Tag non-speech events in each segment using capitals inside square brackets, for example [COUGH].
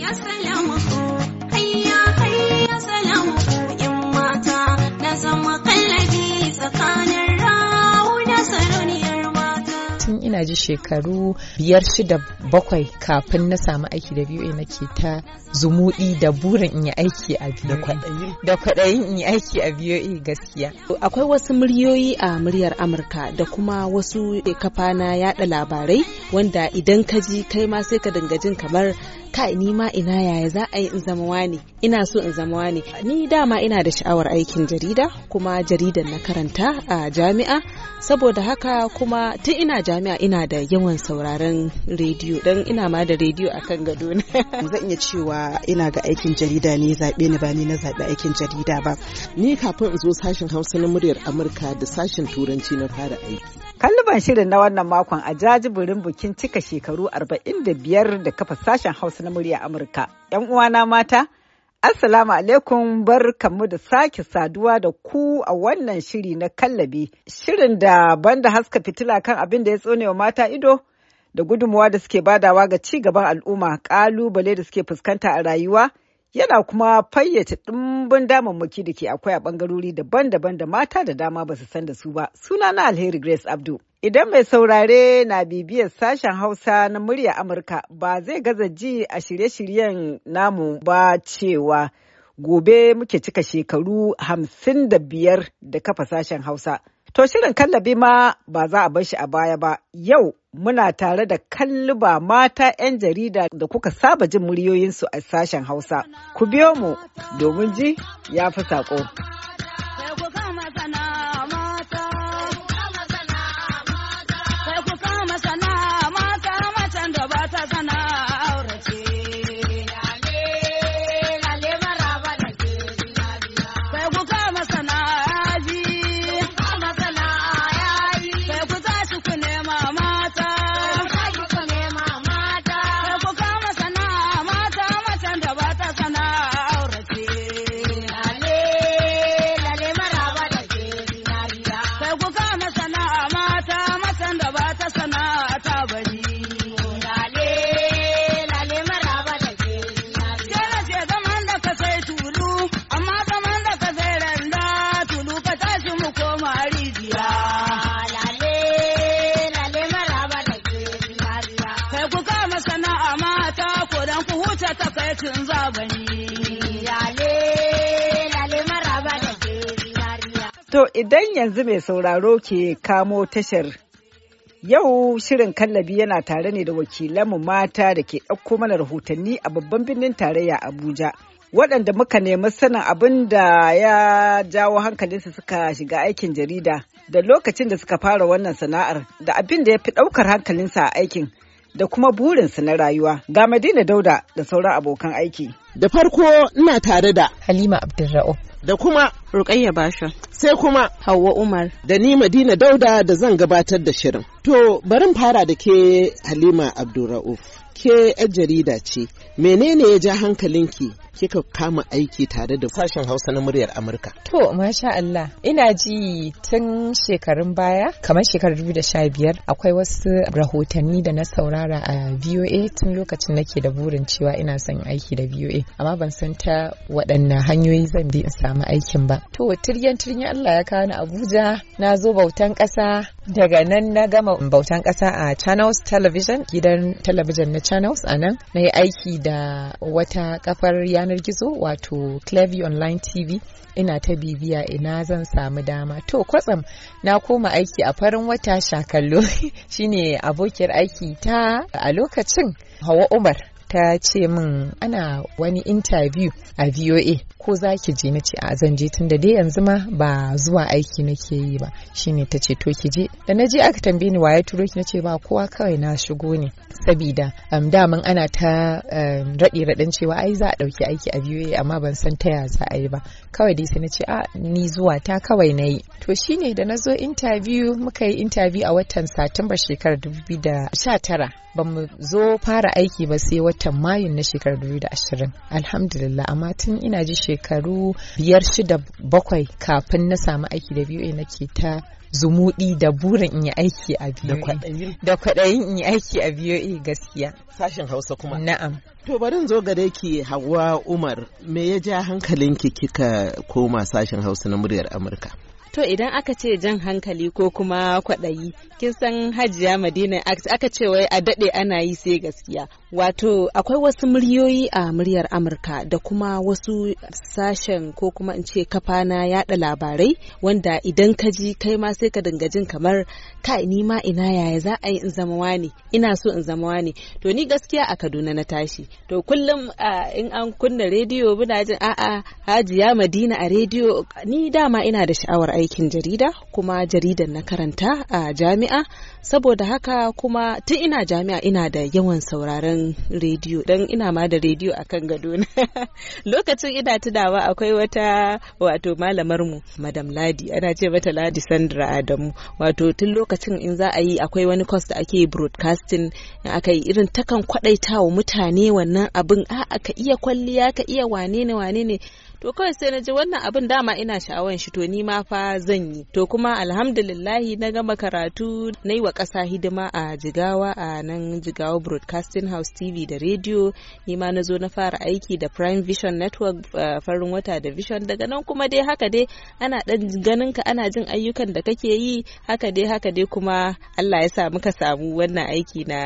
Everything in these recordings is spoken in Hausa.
Я ina ji shekaru biyar shida bakwai kafin na samu aiki da biyu nake ta zumuɗi da burin in yi aiki a biyu da kwaɗayin in yi aiki a biyu gaskiya akwai wasu muryoyi a muryar amurka da kuma wasu kafa na yada labarai wanda idan ka ji kai ma sai ka dinga jin kamar kai ni ma ina yaya za a yi in zama wani ina so in zama wani ni dama ina da sha'awar aikin jarida kuma jaridar na karanta a jami'a saboda haka kuma tun ina jami'a ina da yawan sauraron rediyo don ina ma da rediyo akan gado na [LAUGHS] zan iya cewa ina ga aikin jarida ne zaɓe ni ba ni na zaɓi aikin jarida ba ni kafin in zo sashen hausa na muryar amurka da sashen turanci na fara aiki kalliban shirin na wannan makon a jajibirin bikin cika shekaru 45 da kafa sashen hausa na muryar amurka yan uwana mata Assalamu alaikum bar kamu da sake saduwa da ku a wannan shiri na kallabi. Shirin da banda haska fitila kan abin da ya tsone wa mata ido da gudunmuwa da suke badawa ga ci gaban al'umma ƙalubale da suke fuskanta a rayuwa yana kuma fayyace ɗimbin damammaki da ke akwai a ɓangarori daban-daban da mata da dama ba su san da su ba. Suna na Alheri Grace Abdu. Idan mai saurare na bibiyar sashen Hausa na murya Amurka ba zai gaza ji a shirye-shiryen namu ba cewa gobe muke cika shekaru hamsin da biyar da kafa sashen Hausa. To shirin kallabi ma ba za a bar shi a baya ba. Yau muna tare da kalluba mata 'yan jarida da kuka saba jin muryoyinsu a sashen Hausa. Ku biyo mu domin ji ya fi saƙo. To idan yanzu mai sauraro ke kamo tashar yau shirin kallabi yana tare ne da wakilanmu mata da ke ɗauko mana rahotanni a babban birnin tarayya Abuja. Waɗanda muka nemi sanin abin da ya jawo hankalinsu suka shiga aikin jarida da lokacin da suka fara wannan sana'ar da abin da ya fi ɗaukar hankalinsa a aikin. da kuma burinsu na rayuwa. Ga Madina Dauda da sauran abokan aiki. Da farko ina tare da Halima Abdulra'u. Da kuma Rukayya Basha. Sai kuma Hauwa Umar. Da ni Madina Dauda da zan gabatar da shirin. To barin fara da ke Halima Abdulra'u. Ke 'yar jarida ce. Menene ya ja hankalinki kika kama aiki tare da sashen Hausa na muryar Amurka. To masha Allah ina ji tun shekarun baya kamar shekarar 2015 akwai wasu rahotanni da na saurara a VOA tun lokacin nake da burin cewa ina son aiki da VOA amma ban san ta waɗanne hanyoyi zan bi in samu aikin ba. To turyan turyan Allah ya kawo ni Abuja na zo bautan ƙasa daga nan na gama bautan ƙasa a Channels Television gidan talabijin na Channels a nan na yi aiki da wata kafar ya yanar gizo wato Clevy Online TV ina ta bibiya ina zan samu dama. To kwatsam na koma aiki a farin wata shakallo [LAUGHS] shine abokiyar aiki ta a lokacin Hawa Umar ta ce min ana wani interview a VOA ko za ki je na ce a zan je tunda dai yanzu ma ba zuwa aiki nake yi ba shine ta ce to ki je da na je aka tambaye ni waye turo ki na ce ba kowa kawai na shigo ne sabida um, daman ana ta um, raɗe raɗin cewa ai za a ɗauki aiki a VOA amma ban san ta ya za a yi ba kawai dai sai na ce a ni zuwa ta kawai na yi to shine da na zo interview muka yi interview a watan satumba shekarar tara ba mu zo fara aiki ba sai watan Mayu na shekarar 2020. Alhamdulillah amma tun ina ji shekaru biyar shida bakwai kafin na samu aiki da biyu nake ta zumudi da burin in yi aiki a biyu da kwaɗayin in yi aiki a biyu gaskiya sashen hausa kuma na'am to barin zo gare ki hawa umar me ya ja hankalinki kika koma sashen hausa na muryar amurka To idan aka ce jan hankali ko kuma kwaɗayi, kin san Hajiya Madina aka ce wai a daɗe ana yi sai gaskiya. Wato akwai wasu muryoyi a muryar Amurka da kuma wasu sashen ko kuma in ce kafa na yaɗa labarai wanda idan ka ji kai ma sai ka dinga jin kamar ka ni ma ina yaya za a yi in zama wani ina so in zama wani to ni gaskiya a Kaduna na tashi to kullum in an kunna rediyo muna jin a'a Hajiya Madina a rediyo ni dama ina da sha'awar aikin jarida kuma jaridan na karanta a jami'a saboda haka kuma tun ina jami'a ina da yawan sauraron rediyo don ina ma da rediyo a kan gado [LAUGHS] lokacin ina tunawa akwai wata wato malamarmu madam ladi ana ce mata ladi sandra adamu wato tun lokacin in za a yi akwai wani course da ake broadcasting aka yi irin takan kwadaita wa mutane wannan abin a ka iya kwalliya ka iya wane ne wane ne to kawai sai na ji wannan abin dama ina sha'awar shi to ni ma fa zan yi to kuma alhamdulillahi na gama karatu na yi wa ƙasa hidima a jigawa a nan jigawa broadcasting house tv da radio ni ma na zo na fara aiki da prime vision network farin wata da vision daga nan kuma dai haka dai ana ɗan ganin ka ana jin ayyukan da kake yi haka dai haka dai kuma allah ya sa muka samu wannan aiki na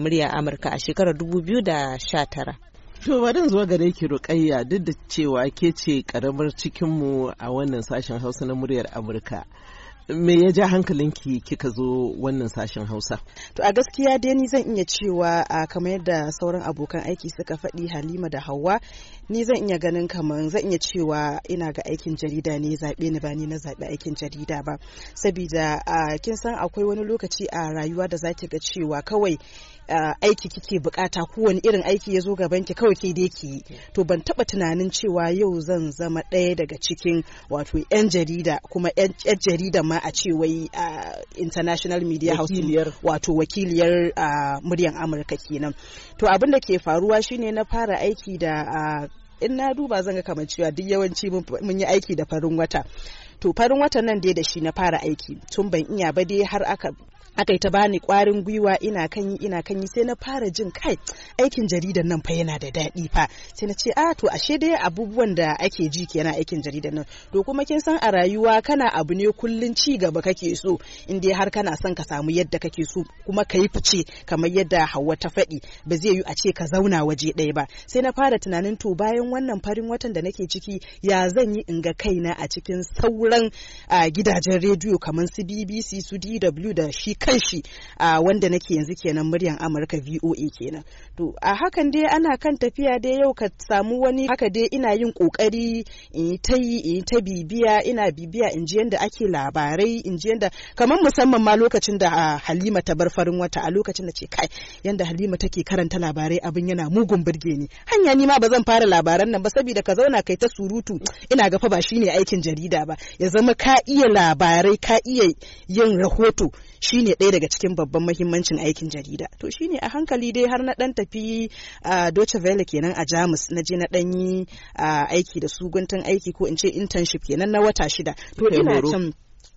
murya amurka a shekarar 2019 To bari zuwa gare ki Rukayya duk da cewa ke ce karamar cikinmu a wannan sashen Hausa na muryar Amurka. me ya ja hankalinki kika zo wannan sashen hausa to a gaskiya dai ni zan iya cewa a kamar yadda sauran abokan aiki suka faɗi halima da Hauwa ni zan iya ganin kamar zan iya cewa ina ga aikin jarida ne zaɓe ni ba ni na zaɓi aikin jarida ba sabida kin san akwai wani lokaci a rayuwa da zaki ga cewa kawai Uh, aiki kike bukata kowane irin aiki ya zo gaban ki kawai ke dai ki to ban taba tunanin cewa yau zan zama ɗaya daga cikin wato yan jarida kuma yan jarida ma a ce wai uh, international media house wato wakiliyar uh, muryan amurka kenan to abin da ke faruwa shine na fara aiki da in na duba zan ga kamar cewa duk yawanci mun yi aiki da farin wata to farin watan nan dai da shi na fara aiki tun ban iya ba dai har aka aka yi ta bani kwarin gwiwa ina kan yi ina kan yi sai na fara jin kai aikin jaridan nan fa yana da daɗi fa sai na ce a ah, to ashe dai abubuwan da ake ji kenan aikin jaridan nan to kuma kin san a rayuwa kana abu ne kullun ci gaba kake so in dai har kana son ka samu yadda kake so kuma ka yi fice kamar yadda Hauwa ta faɗi ba zai yi a ce ka zauna waje ɗaya ba sai na fara tunanin to bayan wannan farin watan da nake ciki ya zan yi in ga kaina a cikin sauran ah, gidajen rediyo kamar su BBC su DW da shi kanshi a wanda nake yanzu kenan muryan Amurka VOA kenan to a hakan dai ana kan tafiya dai yau ka samu wani haka dai ina yin kokari in ta yi in ta bibiya ina bibiya in ji yanda ake labarai in ji yanda kamar musamman ma lokacin da Halima ta bar farin wata a lokacin da ce kai yanda Halima take karanta labarai abin yana mugun burge ni hanya ni ma ba zan fara labaran nan ba saboda ka zauna kai ta surutu ina ga fa ba shine aikin jarida ba ya zama ka iya labarai ka iya yin rahoto shine ɗaya daga cikin babban mahimmancin aikin jarida to shine a hankali dai har na ɗan tafi a doce kenan a Jamus na je na ɗan yi aiki da su aiki ko in ce internship kenan na wata shida to ina can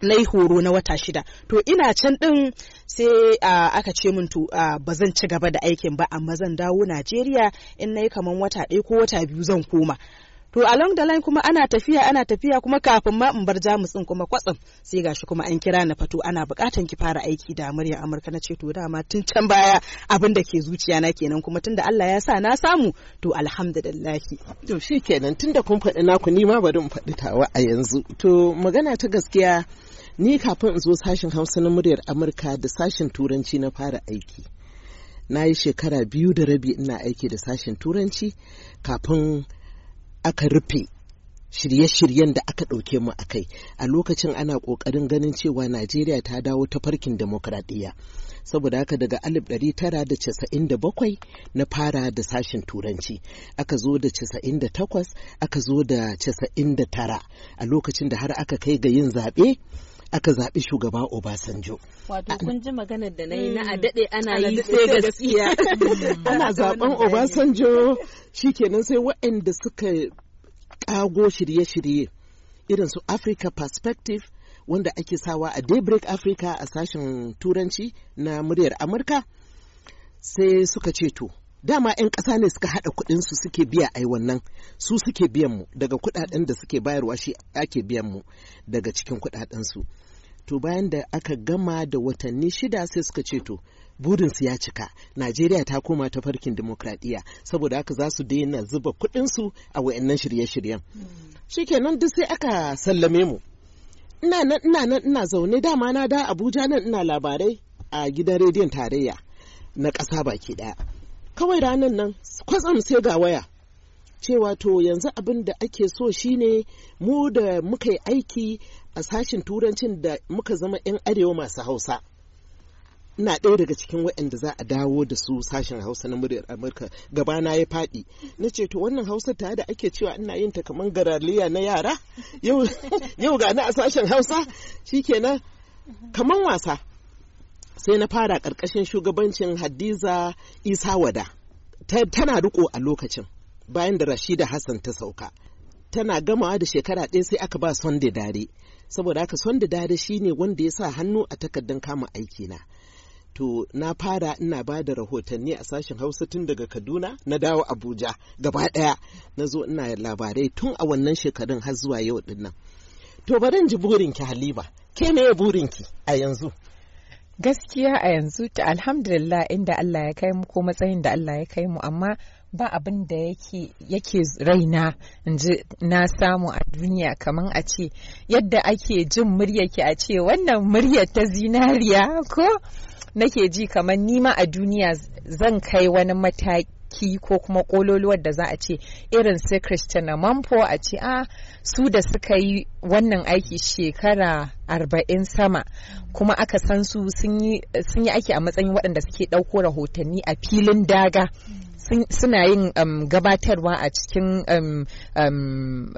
na yi horo na wata shida to ina can ɗin sai aka ce min to ba zan ci gaba da aikin ba amma zan dawo najeriya in na yi kamar wata ɗaya ko wata biyu zan koma to along the line kuma ana tafiya ana tafiya kuma kafin ma in bar jamus din kuma kwatsam sai gashi kuma an kira na fato ana bukatan ki fara aiki da murya amurka na ce to dama tun can baya abin da ke zuciya na kenan kuma tunda Allah ya sa na samu to alhamdulillah to kenan tunda kun faɗi naku ni ma bari in faɗi tawa a yanzu to magana ta gaskiya ni kafin in zo sashin hausa na muryar amurka da sashen turanci na fara aiki na yi shekara biyu da rabi ina aiki da sashen turanci kafin aka rufe shirye-shiryen da aka ɗauke mu a kai a lokacin ana ƙoƙarin ganin cewa najeriya ta dawo ta farkin demokradiyya saboda haka daga 1997 na fara da sashen turanci aka zo da 98 aka zo da 99 a lokacin da har aka kai ga yin zaɓe aka zaɓi shugaba Obasanjo. Wato kun ji maganar da na yi na a mm. ana yi sai gaskiya. [LAUGHS] Mm. Ana zaɓen Obasanjo shikenan sai waɗanda suka ƙago shirye-shirye irin su Africa Perspective wanda ake sawa a Daybreak Africa a sashen Turanci na muryar Amurka sai suka ce to dama 'yan ƙasa ne suka haɗa kuɗin su suke biya ai wannan su suke biyan mu daga kuɗaɗen da suke bayarwa shi ake biyan mu daga cikin kuɗaɗen su to bayan da aka gama da watanni shida sai suka ce to burinsu ya cika najeriya ta koma ta farkin demokradiyya saboda haka za su daina zuba kuɗinsu a wayannan shirye-shiryen shikenan duk sai aka sallame mu ina ina nan ina zaune dama na da abuja nan ina labarai a gidan rediyon tarayya na ƙasa baki ɗaya kawai ranar nan kwatsam sai ga waya cewa to yanzu abin da ake so shine mu da muka yi aiki a sashen turancin da muka zama 'yan arewa masu hausa na ɗaya daga cikin waɗanda za a dawo da su sashen hausa na muryar amurka gabana ya faɗi na ce to wannan hausa ta da ake cewa ina yin ta kamar garaliya na yara yau [LAUGHS] ga a sashen hausa shikenan kamar wasa sai na fara ƙarƙashin shugabancin hadiza isa wada tana riko a lokacin bayan da rashida hassan ta sauka tana gamawa da shekara ɗaya sai aka ba sonde dare saboda haka sonde dare shine wanda ya sa hannu a takardar kama aiki na to na fara ina ba da rahotanni a sashen hausa tun daga kaduna na dawo abuja gaba ɗaya na zo ina labarai tun a wannan shekarun har zuwa yau dinnan to barin ji burinki halima ke me burinki a yanzu Gaskiya a yanzu ta alhamdulillah inda Allah ya kai mu ko matsayin da Allah ya kai mu amma ba abin da yake yake raina inji na samu a duniya kamar a ce yadda ake jin murya muryarki a ce wannan murya ta zinariya ko nake ji kamar nima a duniya zan kai wani mataki Ki ko kuma kololuwar da za a ce irin su Christian Mampo a ce a su da suka yi wannan aiki shekara arba'in sama kuma aka san su sun yi aiki a matsayin waɗanda suke ɗauko rahotanni a filin daga suna yin um, gabatarwa a cikin um, um,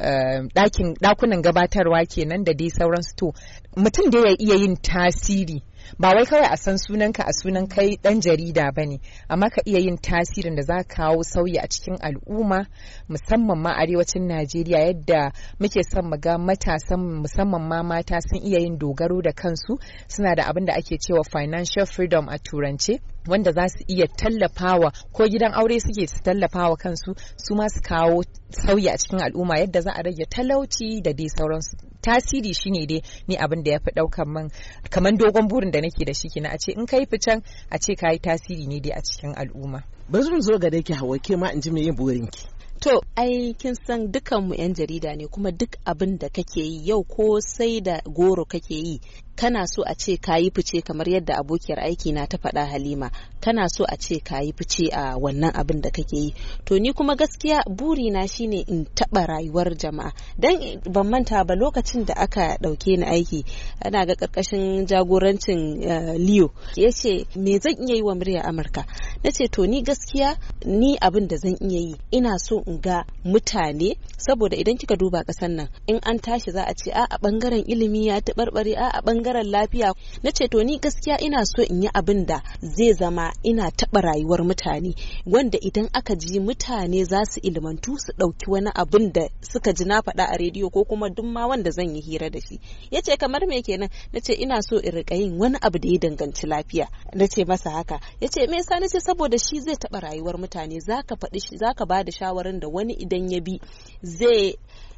ɗakunan gabatarwa kenan da dai sauransu to mutum da ya iya yin tasiri ba wai kawai a san sunanka a sunan kai dan jarida ba ne amma ka iya yin tasirin da za ka kawo sauyi a cikin al'umma musamman ma arewacin najeriya yadda muke son mu ga matasan musamman ma mata sun iya yin dogaro da kansu suna da abin da ake cewa financial freedom a turance wanda za su iya tallafawa ko gidan aure suke su tallafawa kansu su ma su kawo sauyi a cikin al'umma yadda za a rage talauci da dai sauransu tasiri shine dai ni abin da ya fi ɗaukan man kamar dogon burin da nake da shi kina a ce in kai fitan a ce ka yi tasiri ne dai a cikin al'umma. Bari mu zo ga da ki hawa ke ma in ji me yin ki To, ai kin san dukanmu 'yan jarida ne kuma duk abin da kake yi yau ko sai da goro kake yi kana so a ce kayi fice kamar yadda abokiyar aiki na ta faɗa halima kana so a ce kayi fice a wannan abin da kake yi to ni kuma gaskiya buri na shine in taɓa rayuwar jama'a dan ban manta ba lokacin da aka ɗauke ni aiki ana ga ƙarƙashin jagorancin eh, liyo. ya ce me zan iya yi wa murya amurka na ce to ni gaskiya ni abin da zan iya yi ina so in ga mutane saboda idan kika duba kasan nan in an tashi za a ce a a ɓangaren ilimi ya taɓarɓare a a ɓangaren bangaren lafiya na ce to ni gaskiya ina so in yi abin da zai zama ina taɓa rayuwar mutane wanda idan aka ji mutane za su ilmantu su ɗauki wani abin da suka ji na faɗa a rediyo ko kuma duk ma wanda zan yi hira da shi ya ce kamar me kenan na ce ina so in riƙa yin wani abu da ya danganci lafiya na ce masa haka ya ce me yasa na ce saboda shi zai taɓa rayuwar mutane ka faɗi zaka ba da shawarar da wani idan ya bi zai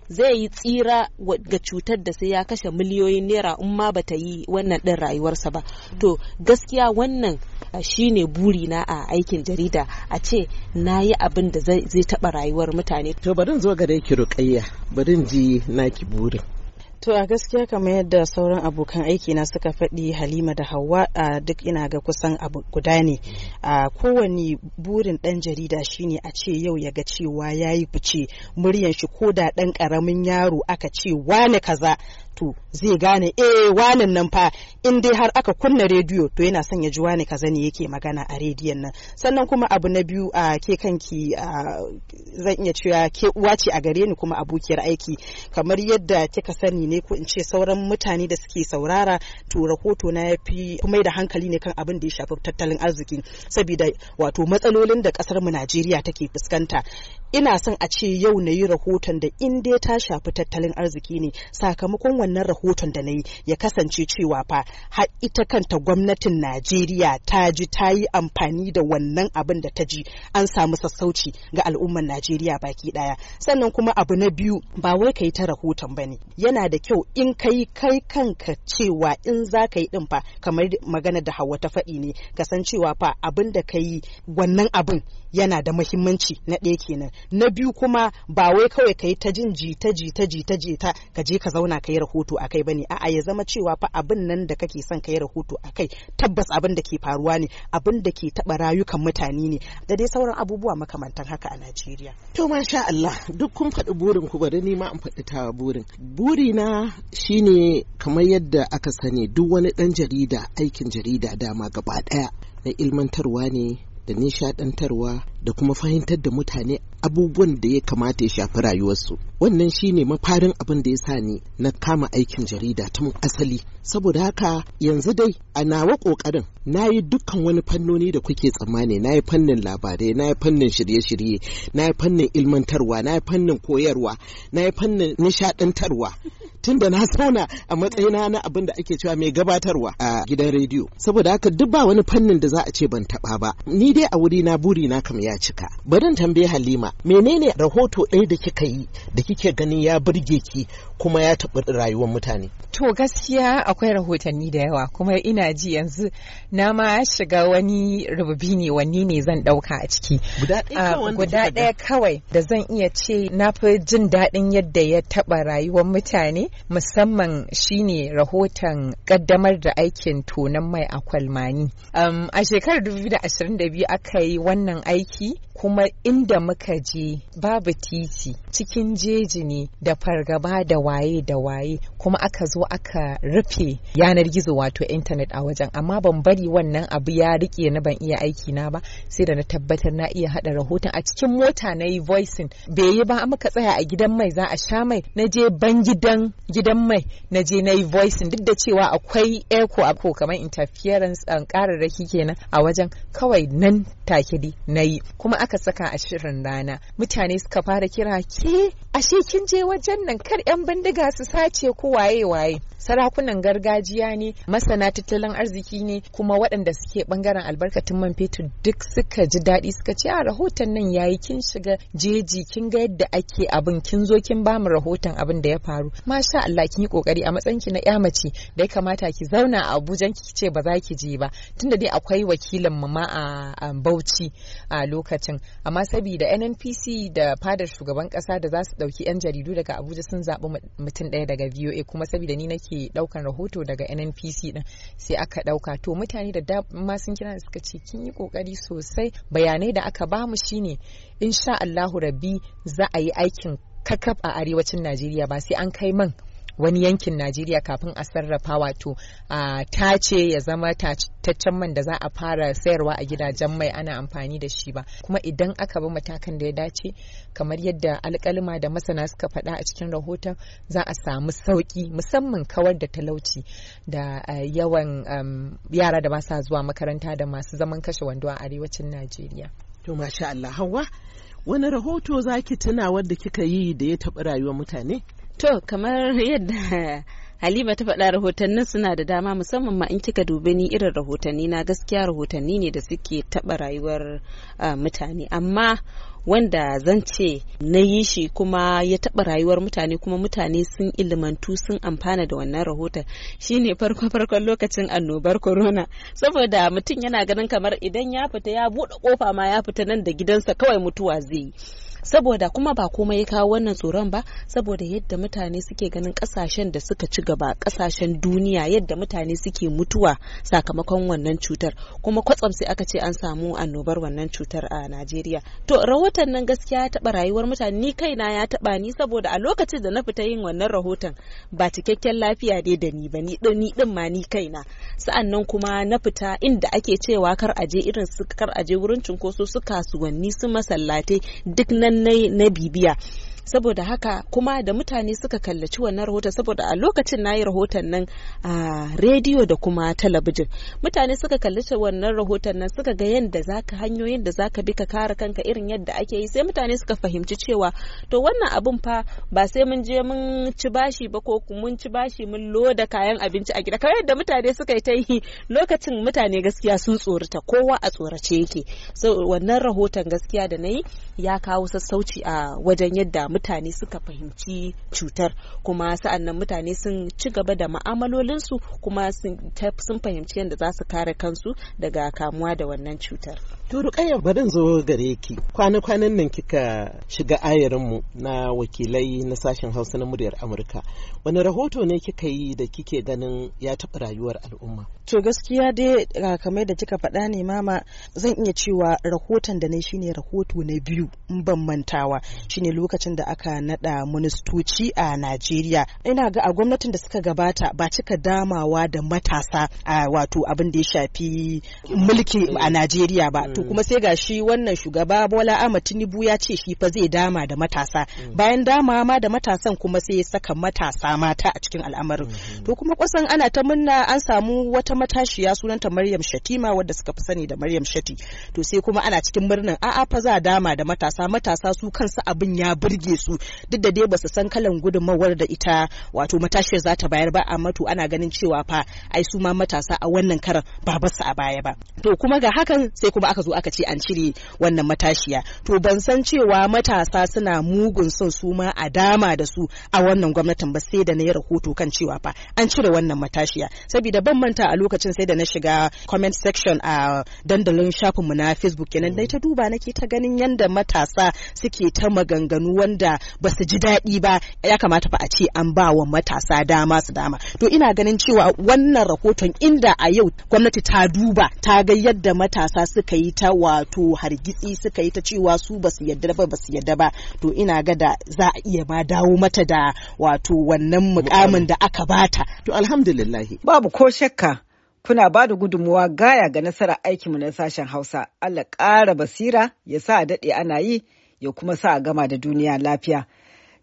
zai yi tsira ga cutar da sai ya kashe miliyoyin naira in ma bata yi wannan din rayuwarsa ba to gaskiya wannan shine buri na a aikin jarida a ce na yi abin da zai taba rayuwar mutane to barin zo ga dai ki ruqayya barin ji naki burin To a gaskiya kamar yadda sauran abokan aiki na suka faɗi Halima da Hauwa a duk ina ga kusan abu guda ne. A kowane burin ɗan jarida shine a ce yau ya ga cewa yayi fice muryan shi ko da ɗan karamin yaro aka ce wane kaza to zai gane eh wanan nan fa in dai har aka kunna rediyo to yana sanya ya ji wani kaza yake magana a rediyon nan sannan kuma abu na biyu a ke kanki zan iya cewa ke uwa ce a gare ni kuma abokiyar aiki kamar yadda kika sani ne ko in ce sauran mutane da suke saurara to rahoto na ya fi kuma da hankali ne kan abin da ya shafi tattalin arziki saboda wato matsalolin da kasar mu Najeriya take fuskanta ina son a ce yau na yi rahoton da in dai ta shafi tattalin arziki ne sakamakon wannan rahoton da na yi ya kasance cewa fa har ita kanta gwamnatin najeriya ta ji ta yi amfani da wannan abin da ta ji an samu sassauci ga al'ummar najeriya baki daya sannan kuma abu na biyu ba wai ka yi ta rahoton ba ne yana da kyau in ka yi kai kanka cewa in za ka yi din fa kamar magana da hawa ta faɗi ne kasancewa fa abin da ka yi wannan abin yana da mahimmanci na ɗaya kenan na biyu kuma ba wai kawai ka yi ta jin jita jita jita jita ka je ka zauna ka yi rahoto a kai ne a'a ya zama cewa fa abin nan da kake son ka yi rahoto a kai tabbas abin da ke faruwa ne abin da ke taɓa rayukan mutane ne da dai sauran abubuwa makamantan haka a Najeriya. To masha Allah duk kun faɗi burin ku bari ni ma in faɗi ta burin. Burina shine kamar yadda aka sani duk wani ɗan jarida aikin jarida dama gaba ɗaya na ilmantarwa ne da nishadantarwa da kuma fahimtar da mutane abubuwan da ya kamata ya shafi rayuwarsu wannan shi ne mafarin abin da ya sa ni na kama aikin jarida tun asali saboda haka yanzu dai a nawa kokarin na yi dukkan wani fannoni da kuke tsammani na yi fannin labarai na yi fannin shirye-shirye na yi fannin ilmantarwa na yi fannin koyarwa na yi fannin nishadantarwa tun da na sana a matsayina na abin da ake cewa mai gabatarwa a gidan rediyo saboda haka duk ba wani fannin da za a ce ban taba ba ni dai a wuri na buri na kam ya cika bari tambaye halima menene rahoto ɗaya da kika yi da kike ganin ya burge ki kuma ya taɓa rayuwar mutane to gaskiya akwai rahotanni da yawa kuma ina ji yanzu na ma shiga wani rububi ne wani ne zan ɗauka a ciki guda ah, ɗaya kawai da zan iya ce na fi jin daɗin yadda ya taɓa rayuwar mutane musamman shine rahoton ƙaddamar da aikin tonon mai a kwalmani um, a shekarar 2022 aka yi wannan aiki kuma inda muka je babu titi cikin je jeji ne da fargaba da waye da waye kuma aka zo aka rufe yanar gizo wato intanet a wajen amma ban bari wannan abu ya rike na ban iya aiki na ba sai da na tabbatar na iya hada rahoton a cikin mota na yi voicing bai yi ba muka tsaya a gidan mai za a sha mai na je ban gidan gidan mai na je na yi voicing duk da cewa akwai echo ako kamar interference an kararraki kenan a wajen kawai nan take na yi kuma aka saka a shirin rana mutane suka fara kira ke ashe kin je wajen nan kar yan bindiga su sace ku waye waye sarakunan gargajiya ne masana tattalin arziki ne kuma waɗanda suke bangaren albarkatun man fetur duk suka ji daɗi suka ce a ah, rahoton nan yayi kin shiga jeji kin ga yadda ake abin kin zo kin ba mu rahoton abin da ya faru masha Allah kin yi kokari a matsayin ki na ƴa mace da ya kamata ki zauna a Abuja ki ce ba za ki je ba tunda dai akwai wakilin mu ma a Bauchi a lokacin amma saboda NNPC da fadar shugaban ƙasa da za su ɗauki yan jaridu daga Abuja sun zaɓi mutum ɗaya daga VOA kuma saboda ni nake ake daukan rahoto daga nnpc din sai aka dauka to mutane da dama sun kira suka ce kin yi kokari sosai bayanai da aka bamu shine insha allahu rabbi za a yi aikin kakaf a arewacin najeriya ba sai an kai man wani yankin Najeriya kafin a sarrafa wato a tace ya zama taccen man da za a fara sayarwa a gidajen mai ana amfani da shi ba kuma idan aka bi matakan da ya dace kamar yadda alkalima da masana suka faɗa a cikin rahoton za a samu sauƙi musamman kawar da talauci da yawan um, yara da ba sa zuwa makaranta da masu zaman kashe wando a arewacin Najeriya. wani rahoto zaki tuna wanda kika yi da ya taɓa rayuwar mutane? To kamar [LAUGHS] yadda Halima ta faɗa rahotannin suna da dama musamman ma in kika dubi ni irin rahotanni na gaskiya rahotanni ne da suke taɓa rayuwar mutane amma wanda zan ce na yi shi kuma ya taɓa rayuwar mutane kuma mutane sun ilimantu sun amfana da wannan rahoton shine farko farkon lokacin annobar corona saboda mutum yana ganin kamar idan ya fita ya buɗe kofa ma ya fita nan da gidansa kawai mutuwa zai yi saboda kuma ba komai ya kawo wannan tsoron ba saboda yadda mutane suke ganin kasashen da suka ci gaba kasashen duniya yadda mutane suke mutuwa sakamakon wannan cutar kuma kwatsam sai aka ce an samu annobar wannan cutar a Najeriya to rahoton nan gaskiya ya taba rayuwar mutane ni kaina ya taba ni saboda a lokacin da na fita yin wannan rahoton ba cikakken lafiya dai da ni ba ni din ma ni kaina sa'annan kuma na fita inda ake cewa kar aje irin su kar aje wurin cunkoso su kasuwanni su masallatai duk nan nan na bibiya saboda haka kuma da mutane suka kallaci wannan rahoton saboda a lokacin na yi rahoton nan a rediyo da kuma talabijin mutane suka kallaci wannan rahoton nan suka ga yadda za ka hanyoyin da ka bi ka kare kanka irin yadda ake yi sai mutane suka fahimci cewa to wannan abun fa ba sai mun je mun ci bashi ba ko mun ci bashi mun loda kayan abinci a gida kamar yadda mutane suka yi ta yi lokacin mutane gaskiya sun tsorata kowa a tsorace yake so wannan rahoton gaskiya da na yi ya kawo sassauci a wajen yadda mutane suka fahimci cutar kuma sa'annan mutane sun ci gaba da ma'amalolinsu kuma sun fahimci yadda za su kare kansu daga kamuwa da wannan cutar To Rukayya barin zo gare ki kwana-kwanan nan kika shiga ayarinmu na wakilai na sashen Hausa na muryar Amurka. Wani rahoto ne kika yi da kike ganin ya taɓa rayuwar al'umma? To gaskiya dai kamar da kika faɗa ne mama zan iya cewa rahoton da ne shine rahoto na biyu in ban mantawa shine lokacin da aka naɗa ministoci a Najeriya. Ina ga a gwamnatin da suka gabata ba cika damawa da matasa a wato abin da ya shafi mulki a Najeriya ba. to kuma sai ga shi wannan shugaba Bola Ahmed Tinubu ya ce shi fa zai dama da matasa mm. bayan dama ma da matasan kuma sai ya saka matasa mata a cikin al'amarin mm-hmm. to kuma kusan ana ta munna an samu wata matashiya sunanta Maryam Shatima wadda suka fi sani da Maryam Shati to sai kuma ana cikin murnan a'a fa za dama da matasa matasa su kansu abin ya burge su duk da dai basu san kalan gudunmawar da ita wato matashiyar za ta bayar ba amma to ana ganin cewa fa ai su ma matasa a wannan karan ba basu a baya ba to kuma ga hakan sai kuma aka zo aka ce an cire wannan matashiya to ban san cewa matasa suna mugun son su ma a dama da su a wannan gwamnatin ba sai da na yi rahoto kan cewa fa an cire wannan matashiya saboda ban manta a lokacin sai da na shiga comment section a dandalin shafin mu na Facebook kenan dai ta duba nake ta ganin yanda matasa suke ta maganganu wanda ba su ji daɗi ba ya kamata fa a ce an ba wa matasa dama su dama to ina ganin cewa wannan rahoton inda a yau gwamnati ta duba ta ga yadda matasa suka yi ta wato hargitsi suka yi ta cewa su basu yarda ba basu yarda ba to ina ga da za a iya ma dawo mata da wato wannan mukamin da aka bata to alhamdulillah babu ko shakka kuna ba da gudunmuwa gaya ga nasarar mu na sashen Hausa. Allah ƙara basira ya sa daɗe ana yi ya kuma sa a gama da duniya lafiya.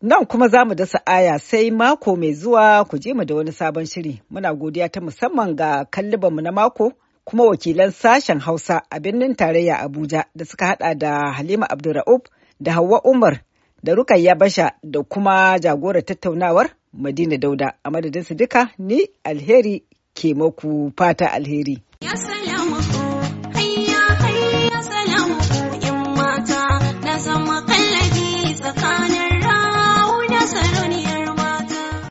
Nan kuma za mu dasa aya sai mako mai zuwa ku je mu da wani sabon shiri. Muna godiya ta musamman ga mu na mako kuma wakilan sashen Hausa a birnin tarayya Abuja da suka hada da Halima Abdulra'ub da Hauwa Umar da Rukayya Basha da kuma jagorar tattaunawar Madina Dauda a madadin su duka ni alheri ke maku fata alheri. Yes,